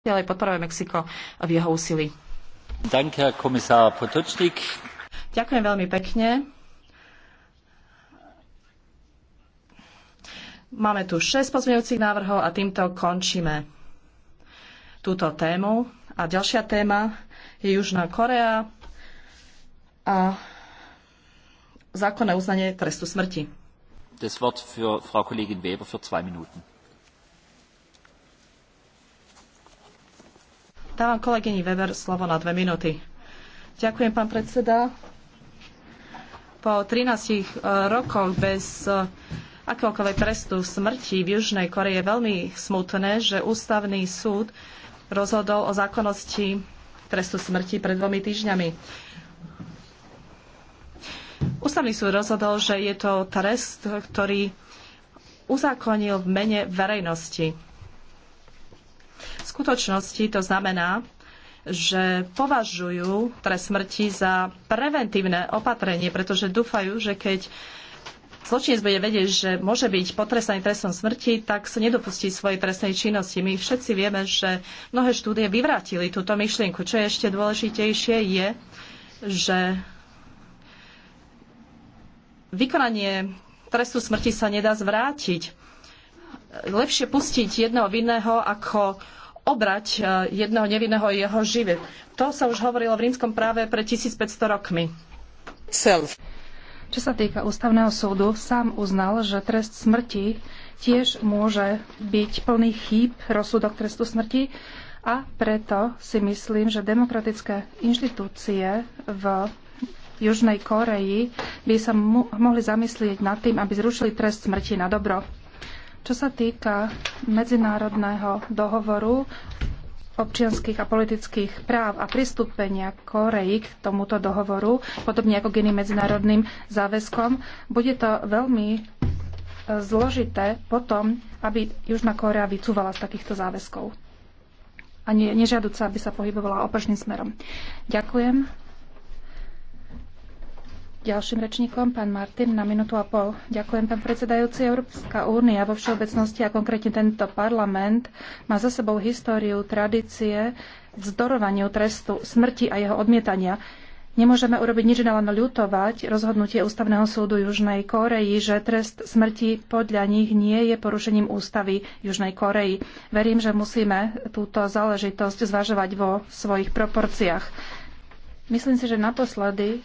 ďalej podporuje Mexiko v jeho úsilí. Ďakujem veľmi pekne. Máme tu 6 pozmeňujúcich návrhov a týmto končíme túto tému. A ďalšia téma je Južná Korea a zákonné uznanie trestu smrti. Das Wort für Frau Kollegin Weber für zwei Minuten. Dávam kolegyni Weber slovo na dve minúty. Ďakujem, pán predseda. Po 13 eh, rokoch bez eh, akéhokoľvek trestu smrti v Južnej Koreji je veľmi smutné, že ústavný súd rozhodol o zákonnosti trestu smrti pred dvomi týždňami. Ústavný súd rozhodol, že je to trest, ktorý uzákonil v mene verejnosti skutočnosti to znamená, že považujú trest smrti za preventívne opatrenie, pretože dúfajú, že keď zločinec bude vedieť, že môže byť potrestaný trestom smrti, tak sa nedopustí svojej trestnej činnosti. My všetci vieme, že mnohé štúdie vyvrátili túto myšlienku. Čo je ešte dôležitejšie je, že vykonanie trestu smrti sa nedá zvrátiť. Lepšie pustiť jedného vinného, ako obrať e, jedného nevinného jeho živie. To sa už hovorilo v rímskom práve pred 1500 rokmi. Self. Čo sa týka ústavného súdu, sám uznal, že trest smrti tiež môže byť plný chýb rozsudok trestu smrti a preto si myslím, že demokratické inštitúcie v Južnej Koreji by sa mohli zamyslieť nad tým, aby zrušili trest smrti na dobro. Čo sa týka medzinárodného dohovoru občianských a politických práv a pristúpenia Koreji k tomuto dohovoru, podobne ako k iným medzinárodným záväzkom, bude to veľmi e, zložité potom, aby Južná Korea vycúvala z takýchto záväzkov. A nežiaduca, aby sa pohybovala opačným smerom. Ďakujem. Ďalším rečníkom pán Martin na minútu a pol. Ďakujem, pán predsedajúci. Európska únia vo všeobecnosti a konkrétne tento parlament má za sebou históriu, tradície, vzdorovaniu trestu smrti a jeho odmietania. Nemôžeme urobiť nič len ľutovať rozhodnutie Ústavného súdu Južnej Koreji, že trest smrti podľa nich nie je porušením ústavy Južnej Koreji. Verím, že musíme túto záležitosť zvažovať vo svojich proporciách. Myslím si, že naposledy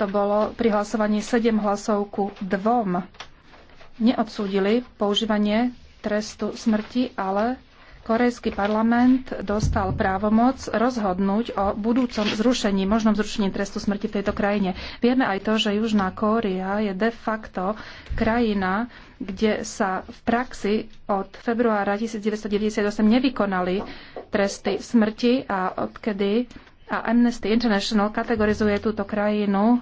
to bolo pri hlasovaní 7 hlasov ku 2. Neodsúdili používanie trestu smrti, ale korejský parlament dostal právomoc rozhodnúť o budúcom zrušení, možnom zrušení trestu smrti v tejto krajine. Vieme aj to, že Južná Kórea je de facto krajina, kde sa v praxi od februára 1998 nevykonali tresty smrti a odkedy a Amnesty International kategorizuje túto krajinu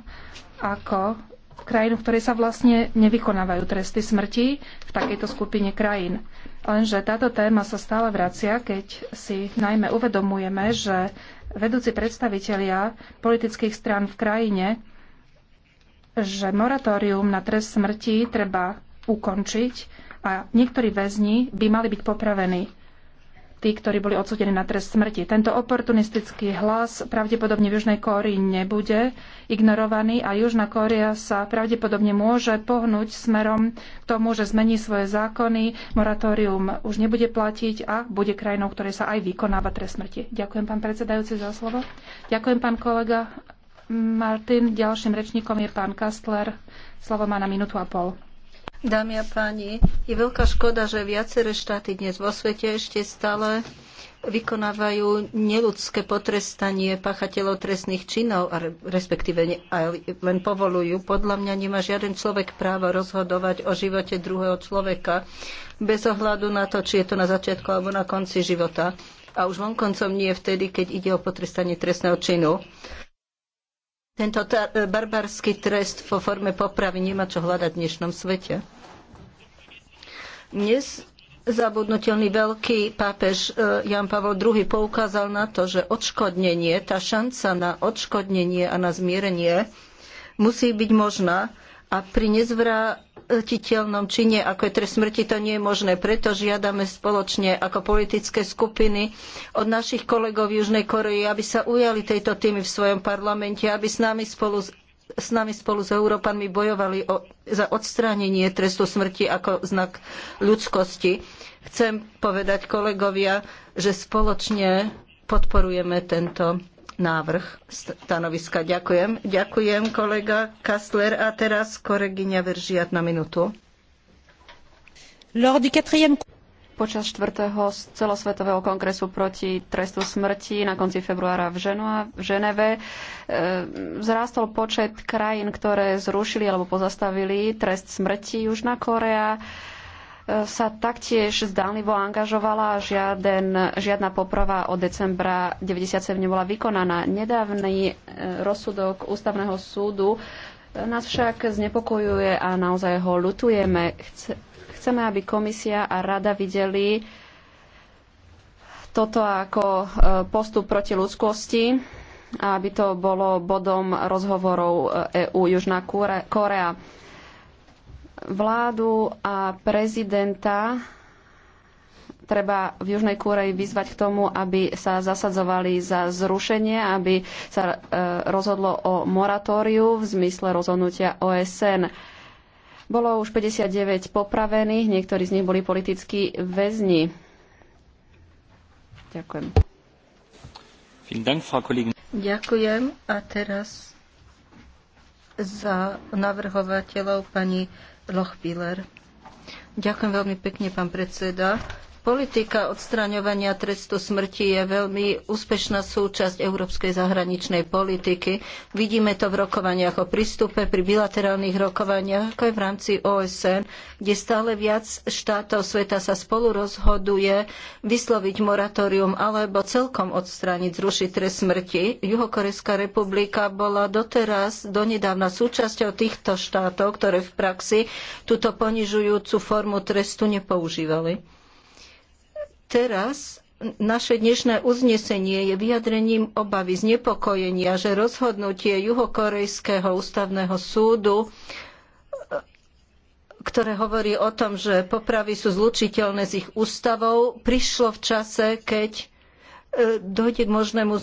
ako krajinu, v ktorej sa vlastne nevykonávajú tresty smrti v takejto skupine krajín. Lenže táto téma sa stále vracia, keď si najmä uvedomujeme, že vedúci predstavitelia politických strán v krajine, že moratórium na trest smrti treba ukončiť a niektorí väzni by mali byť popravení tí, ktorí boli odsudení na trest smrti. Tento oportunistický hlas pravdepodobne v Južnej Kórii nebude ignorovaný a Južná Kória sa pravdepodobne môže pohnúť smerom k tomu, že zmení svoje zákony, moratórium už nebude platiť a bude krajinou, ktorej sa aj vykonáva trest smrti. Ďakujem, pán predsedajúci, za slovo. Ďakujem, pán kolega Martin. Ďalším rečníkom je pán Kastler. Slovo má na minútu a pol. Dámy a páni, je veľká škoda, že viaceré štáty dnes vo svete ešte stále vykonávajú neludské potrestanie pachateľov trestných činov, a respektíve len povolujú. Podľa mňa nemá žiaden človek právo rozhodovať o živote druhého človeka bez ohľadu na to, či je to na začiatku alebo na konci života. A už vonkoncom nie vtedy, keď ide o potrestanie trestného činu. Tento e, barbarský trest vo forme popravy nemá čo hľadať v dnešnom svete. Dnes zabudnutelný veľký pápež e, Jan Pavel II poukázal na to, že odškodnenie, tá šanca na odškodnenie a na zmierenie musí byť možná a pri nezvrá platiteľnom čine, ako je trest smrti, to nie je možné. Preto žiadame spoločne ako politické skupiny od našich kolegov v Južnej Koreji, aby sa ujali tejto témy v svojom parlamente, aby s nami spolu s nami spolu s Európanmi bojovali o, za odstránenie trestu smrti ako znak ľudskosti. Chcem povedať kolegovia, že spoločne podporujeme tento návrh stanoviska. Ďakujem. Ďakujem, kolega Kastler. A teraz kolegyňa Veržiat na minútu. Počas 4. celosvetového kongresu proti trestu smrti na konci februára v, Ženua, v Ženeve vzrástol e, počet krajín, ktoré zrušili alebo pozastavili trest smrti. Južná Korea, sa taktiež zdánlivo angažovala a žiaden, žiadna poprava od decembra 1997 nebola vykonaná. Nedávny e, rozsudok Ústavného súdu e, nás však znepokojuje a naozaj ho lutujeme. Chceme, aby komisia a rada videli toto ako e, postup proti ľudskosti aby to bolo bodom rozhovorov EU Južná Korea vládu a prezidenta treba v Južnej Kúreji vyzvať k tomu, aby sa zasadzovali za zrušenie, aby sa e, rozhodlo o moratóriu v zmysle rozhodnutia OSN. Bolo už 59 popravených, niektorí z nich boli politickí väzni. Ďakujem. Ďakujem. A teraz za navrhovateľov pani Lochbiller. Ďakujem veľmi pekne, pán predseda. Politika odstraňovania trestu smrti je veľmi úspešná súčasť európskej zahraničnej politiky. Vidíme to v rokovaniach o prístupe, pri bilaterálnych rokovaniach, ako aj v rámci OSN, kde stále viac štátov sveta sa spolu rozhoduje vysloviť moratórium alebo celkom odstrániť, zrušiť trest smrti. Juhokorejská republika bola doteraz donedávna súčasťou týchto štátov, ktoré v praxi túto ponižujúcu formu trestu nepoužívali. Teraz naše dnešné uznesenie je vyjadrením obavy znepokojenia, že rozhodnutie Juhokorejského ústavného súdu, ktoré hovorí o tom, že popravy sú zlučiteľné s ich ústavou, prišlo v čase, keď e, dojde k možnému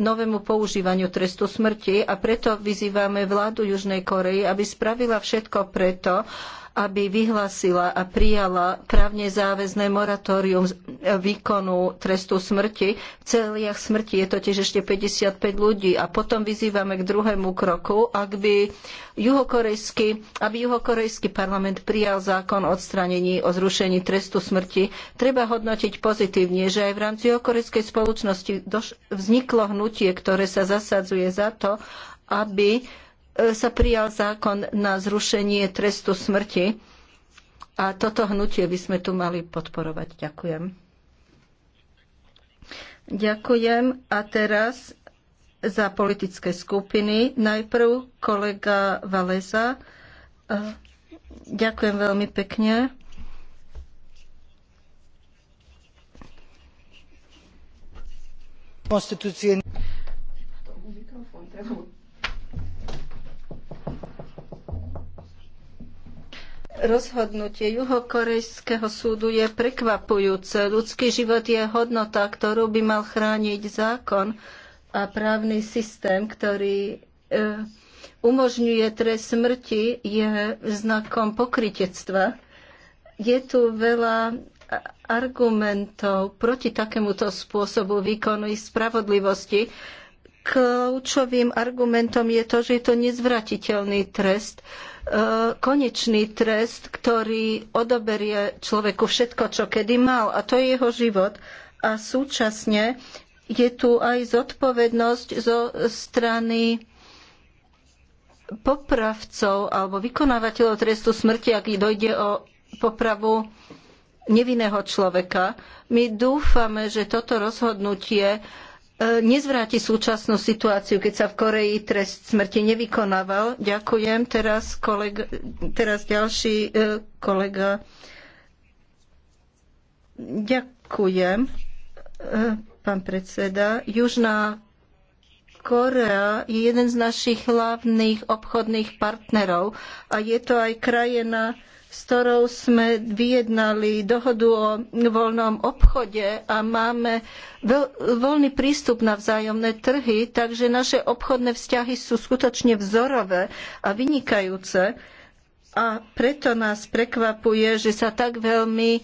novému používaniu trestu smrti a preto vyzývame vládu Južnej Korei, aby spravila všetko preto, aby vyhlásila a prijala právne záväzné moratórium výkonu trestu smrti. V celiach smrti je to tiež ešte 55 ľudí a potom vyzývame k druhému kroku, ak by juhokorejský, aby juhokorejský parlament prijal zákon o odstranení o zrušení trestu smrti. Treba hodnotiť pozitívne, že aj v rámci juhokorejskej spoločnosti vzniklo hnutie, ktoré sa zasadzuje za to, aby E, sa prijal zákon na zrušenie trestu smrti a toto hnutie by sme tu mali podporovať. Ďakujem. Ďakujem a teraz za politické skupiny. Najprv kolega Valeza. E, ďakujem veľmi pekne. Konstitúcie. Rozhodnutie juhokorejského súdu je prekvapujúce. Ľudský život je hodnota, ktorú by mal chrániť zákon a právny systém, ktorý e, umožňuje trest smrti, je znakom pokritectva. Je tu veľa argumentov proti takémuto spôsobu výkonu ich spravodlivosti kľúčovým argumentom je to, že je to nezvratiteľný trest, e, konečný trest, ktorý odoberie človeku všetko, čo kedy mal, a to je jeho život. A súčasne je tu aj zodpovednosť zo strany popravcov alebo vykonávateľov trestu smrti, ak dojde o popravu nevinného človeka. My dúfame, že toto rozhodnutie uh, E, nezvráti súčasnú situáciu, keď sa v Koreji trest smrti nevykonával. Ďakujem. Teraz, kolega, teraz ďalší e, kolega. Ďakujem, e, pán predseda. Južná Korea je jeden z našich hlavných obchodných partnerov a je to aj krajina, s ktorou sme vyjednali dohodu o voľnom obchode a máme voľný prístup na vzájomné trhy, takže naše obchodné vzťahy sú skutočne vzorové a vynikajúce. A preto nás prekvapuje, že sa tak veľmi e,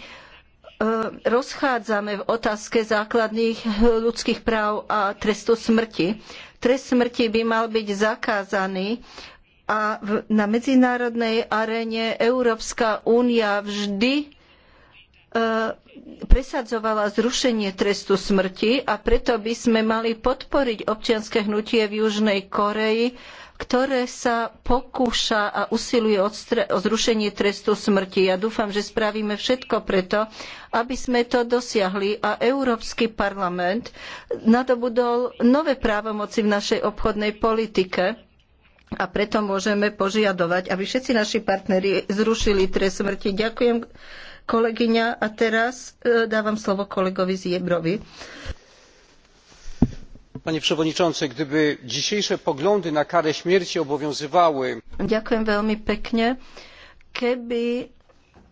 rozchádzame v otázke základných ľudských práv a trestu smrti. Trest smrti by mal byť zakázaný a v, na medzinárodnej aréne Európska únia vždy e, presadzovala zrušenie trestu smrti a preto by sme mali podporiť občianske hnutie v Južnej Koreji, ktoré sa pokúša a usiluje o zrušenie trestu smrti. Ja dúfam, že spravíme všetko preto, aby sme to dosiahli a Európsky parlament nadobudol nové právomoci v našej obchodnej politike a preto môžeme požiadovať, aby všetci naši partneri zrušili trest smrti. Ďakujem, kolegyňa. A teraz e, dávam slovo kolegovi Ziebrovi. Panie przewodniczący, gdyby dzisiejsze poglądy na karę śmierci obowiązywały. Ďakujem veľmi pekne. Keby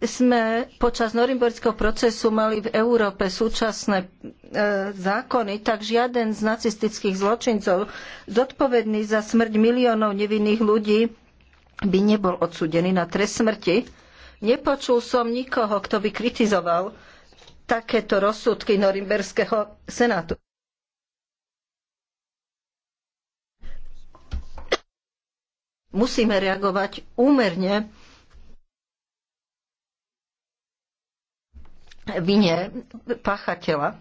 sme počas norimborského procesu mali v Európe súčasné E, zákony, tak žiaden z nacistických zločincov zodpovedný za smrť miliónov nevinných ľudí by nebol odsúdený na trest smrti. Nepočul som nikoho, kto by kritizoval takéto rozsudky Norimberského senátu. Musíme reagovať úmerne vine páchateľa.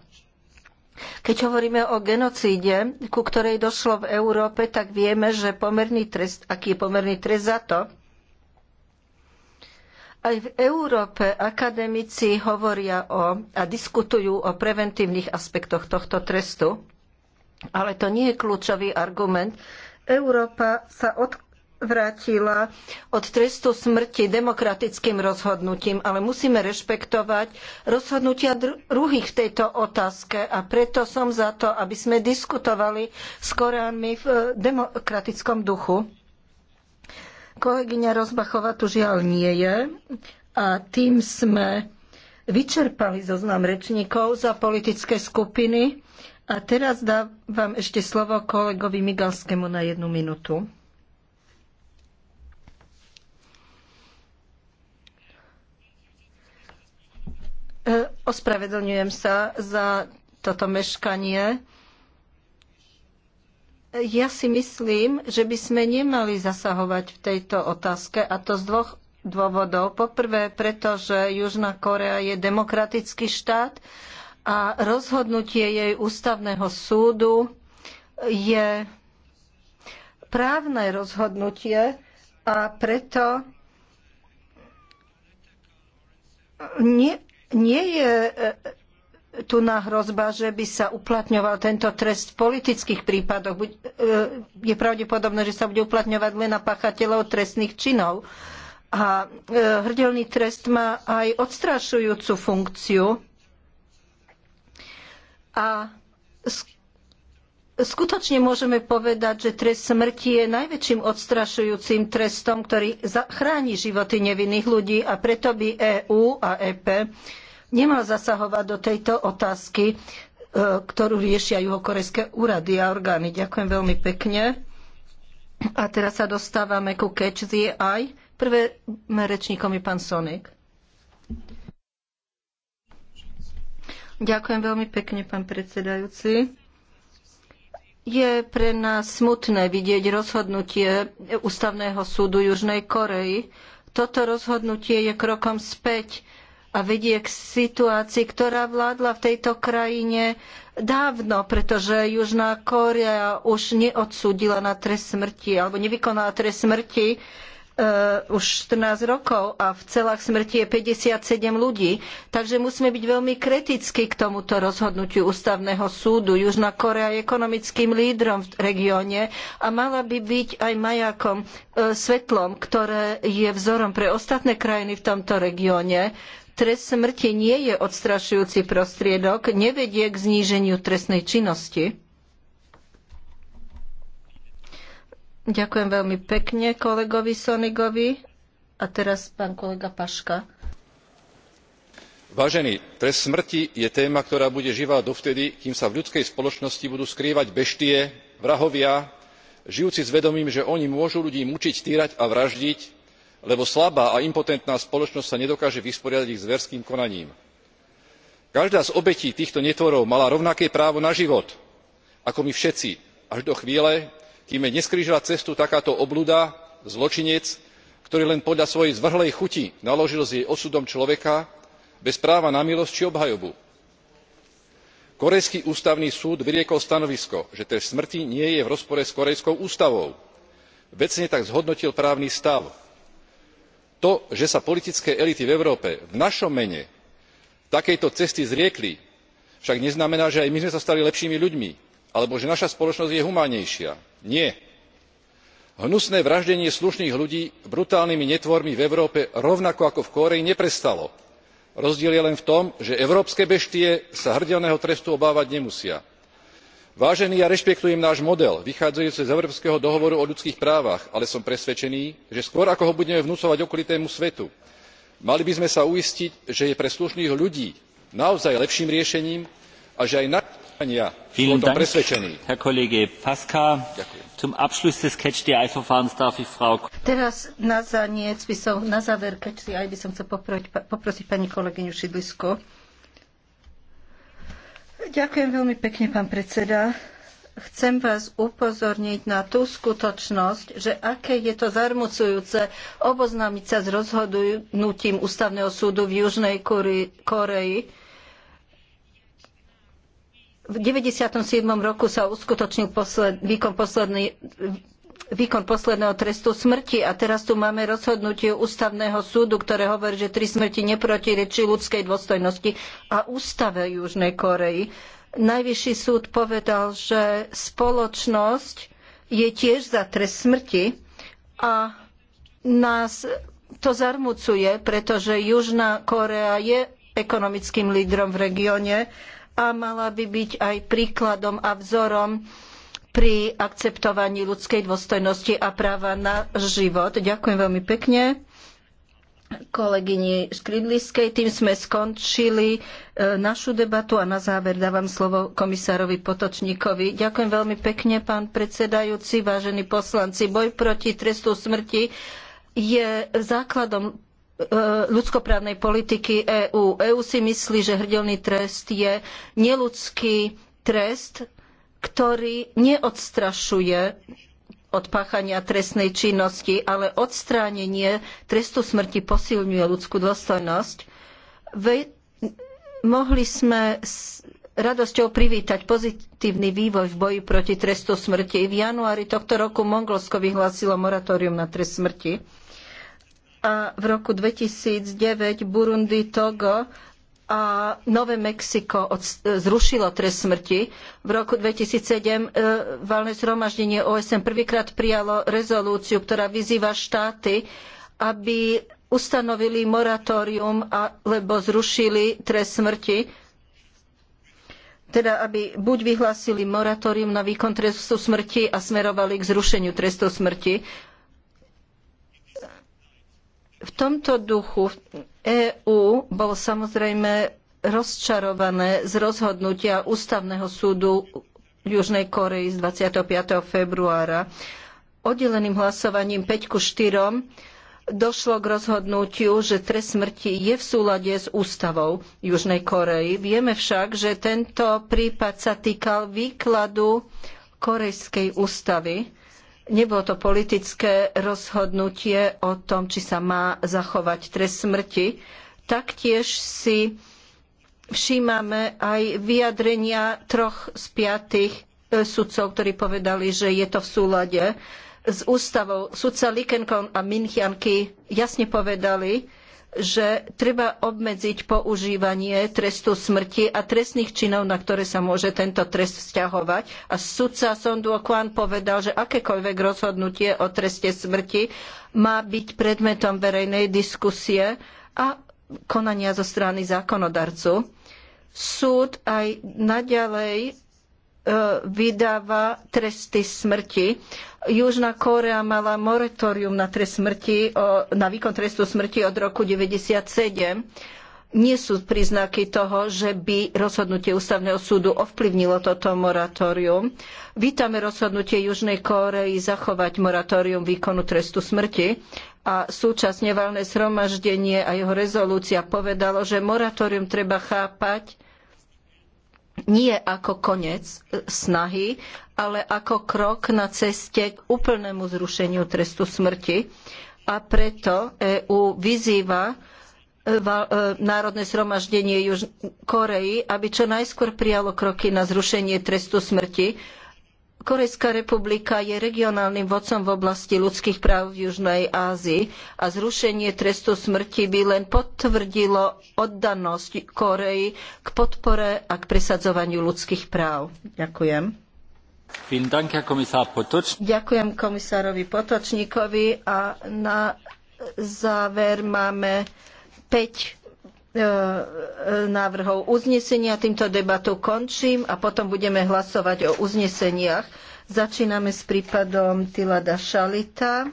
Keď hovoríme o genocíde, ku ktorej došlo v Európe, tak vieme, že pomerný trest, aký je pomerný trest za to, aj v Európe akademici hovoria o a diskutujú o preventívnych aspektoch tohto trestu, ale to nie je kľúčový argument. Európa sa od, odvrátila od trestu smrti demokratickým rozhodnutím, ale musíme rešpektovať rozhodnutia druhých v tejto otázke a preto som za to, aby sme diskutovali s Koránmi v eh, demokratickom duchu. Kolegyňa Rozbachová tu žiaľ nie je a tým sme vyčerpali zoznam rečníkov za politické skupiny. A teraz dávam ešte slovo kolegovi Migalskému na jednu minútu. E, ospravedlňujem sa za toto meškanie. Ja si myslím, že by sme nemali zasahovať v tejto otázke a to z dvoch dôvodov. Poprvé, pretože Južná Korea je demokratický štát a rozhodnutie jej ústavného súdu je právne rozhodnutie a preto nie, nie je e, e, tu na hrozba, že by sa uplatňoval tento trest v politických prípadoch. E, je pravdepodobné, že sa bude uplatňovať len na pachateľov trestných činov. A hrdelný trest má aj odstrašujúcu funkciu. A Skutočne môžeme povedať, že trest smrti je najväčším odstrašujúcim trestom, ktorý chráni životy nevinných ľudí a preto by EÚ a EP nemal zasahovať do tejto otázky, e, ktorú riešia juhokorejské úrady a orgány. Ďakujem veľmi pekne. A teraz sa dostávame ku Catch the Eye. Prvé rečníkom je pán Sonek. Ďakujem veľmi pekne, pán predsedajúci. Je pre nás smutné vidieť rozhodnutie Ústavného súdu Južnej Korei. Toto rozhodnutie je krokom späť a vedie k situácii, ktorá vládla v tejto krajine dávno, pretože Južná Kórea už neodsúdila na trest smrti alebo nevykonala trest smrti Eh, už 14 rokov a v celách smrti je 57 ľudí. Takže musíme byť veľmi kritickí k tomuto rozhodnutiu ústavného súdu. Južná Korea je ekonomickým lídrom v regióne a mala by byť aj majakom, eh, svetlom, ktoré je vzorom pre ostatné krajiny v tomto regióne. Trest smrti nie je odstrašujúci prostriedok, nevedie k zníženiu trestnej činnosti Ďakujem veľmi pekne kolegovi Sonigovi. A teraz pán kolega Paška. Vážený, trest smrti je téma, ktorá bude živá dovtedy, kým sa v ľudskej spoločnosti budú skrývať beštie, vrahovia, žijúci s vedomím, že oni môžu ľudí mučiť, týrať a vraždiť, lebo slabá a impotentná spoločnosť sa nedokáže vysporiadať ich zverským konaním. Každá z obetí týchto netvorov mala rovnaké právo na život, ako my všetci, až do chvíle, kým jej neskrížila cestu takáto obluda, zločinec ktorý len podľa svojej zvrhlej chuti naložil s jej osudom človeka bez práva na milosť či obhajobu. kórejský ústavný súd vyriekol stanovisko že trest smrti nie je v rozpore s kórejskou ústavou. vecne tak zhodnotil právny stav. to že sa politické elity v európe v našom mene takejto cesty zriekli však neznamená že aj my sme sa stali lepšími ľuďmi alebo že naša spoločnosť je humánnejšia nie hnusné vraždenie slušných ľudí brutálnymi netvormi v európe rovnako ako v kórei neprestalo rozdiel je len v tom že európske beštie sa hrdelného trestu obávať nemusia. vážený ja rešpektujem náš model vychádzajúci z európskeho dohovoru o ľudských právach ale som presvedčený že skôr ako ho budeme vnucovať okolitému svetu mali by sme sa uistiť že je pre slušných ľudí naozaj lepším riešením a že aj teraz na, zaniec by som, na záver catch the eye by som chcel poprosiť, pani kolegyňu Šidlisku. Ďakujem veľmi pekne, pán predseda. Chcem vás upozorniť na tú skutočnosť, že aké je to zarmucujúce oboznámiť sa s rozhodnutím Ústavného súdu v Južnej Koreji, v 97. roku sa uskutočnil posled, výkon, posledný, výkon posledného trestu smrti a teraz tu máme rozhodnutie ústavného súdu, ktoré hovorí, že tri smrti neprotirečí ľudskej dôstojnosti a ústave Južnej Korei. Najvyšší súd povedal, že spoločnosť je tiež za trest smrti a nás to zarmucuje, pretože Južná Korea je ekonomickým lídrom v regióne a mala by byť aj príkladom a vzorom pri akceptovaní ľudskej dôstojnosti a práva na život. Ďakujem veľmi pekne kolegyni Škridliskej. Tým sme skončili e, našu debatu a na záver dávam slovo komisárovi Potočníkovi. Ďakujem veľmi pekne, pán predsedajúci, vážení poslanci. Boj proti trestu smrti je základom E, ľudskoprávnej politiky EÚ. EÚ si myslí, že hrdelný trest je neludský trest, ktorý neodstrašuje od páchania trestnej činnosti, ale odstránenie trestu smrti posilňuje ľudskú dôstojnosť. Ve, mohli sme s radosťou privítať pozitívny vývoj v boji proti trestu smrti. V januári tohto roku Mongolsko vyhlásilo moratórium na trest smrti a v roku 2009 Burundi, Togo a Nové Mexiko e, zrušilo trest smrti. V roku 2007 e, valné zhromaždenie OSN prvýkrát prijalo rezolúciu, ktorá vyzýva štáty, aby ustanovili moratórium alebo zrušili trest smrti. Teda, aby buď vyhlásili moratórium na výkon trestu smrti a smerovali k zrušeniu trestu smrti v tomto duchu EÚ bol samozrejme rozčarované z rozhodnutia Ústavného súdu Južnej Korei z 25. februára. Oddeleným hlasovaním 5 ku 4 došlo k rozhodnutiu, že trest smrti je v súlade s ústavou Južnej Korei. Vieme však, že tento prípad sa týkal výkladu korejskej ústavy Nebolo to politické rozhodnutie o tom, či sa má zachovať trest smrti. Taktiež si všímame aj vyjadrenia troch z piatých e, sudcov, ktorí povedali, že je to v súlade s ústavou. Sudca Likenkorn a Minchianky jasne povedali, že treba obmedziť používanie trestu smrti a trestných činov, na ktoré sa môže tento trest vzťahovať. A sudca Son Kwan povedal, že akékoľvek rozhodnutie o treste smrti má byť predmetom verejnej diskusie a konania zo strany zákonodarcu. Súd aj naďalej E, vydáva tresty smrti. Južná Kórea mala moratórium na, trest smrti, na výkon trestu smrti od roku 1997. Nie sú príznaky toho, že by rozhodnutie ústavného súdu ovplyvnilo toto moratórium. Vítame rozhodnutie Južnej Kórei zachovať moratórium výkonu trestu smrti a súčasne valné zhromaždenie a jeho rezolúcia povedalo, že moratórium treba chápať nie ako koniec e, snahy, ale ako krok na ceste k úplnému zrušeniu trestu smrti. A preto EÚ vyzýva e, e, Národné zhromaždenie Južnej Koreji, aby čo najskôr prijalo kroky na zrušenie trestu smrti, Korejská republika je regionálnym vodcom v oblasti ľudských práv v Južnej Ázii a zrušenie trestu smrti by len potvrdilo oddanosť Koreji k podpore a k presadzovaniu ľudských práv. Ďakujem. Ďakujem komisárovi Potočníkovi a na záver máme 5 E, e, návrhov uznesenia. Týmto debatu končím a potom budeme hlasovať o uzneseniach. Začíname s prípadom Tilada Šalita.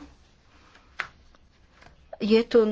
Je tu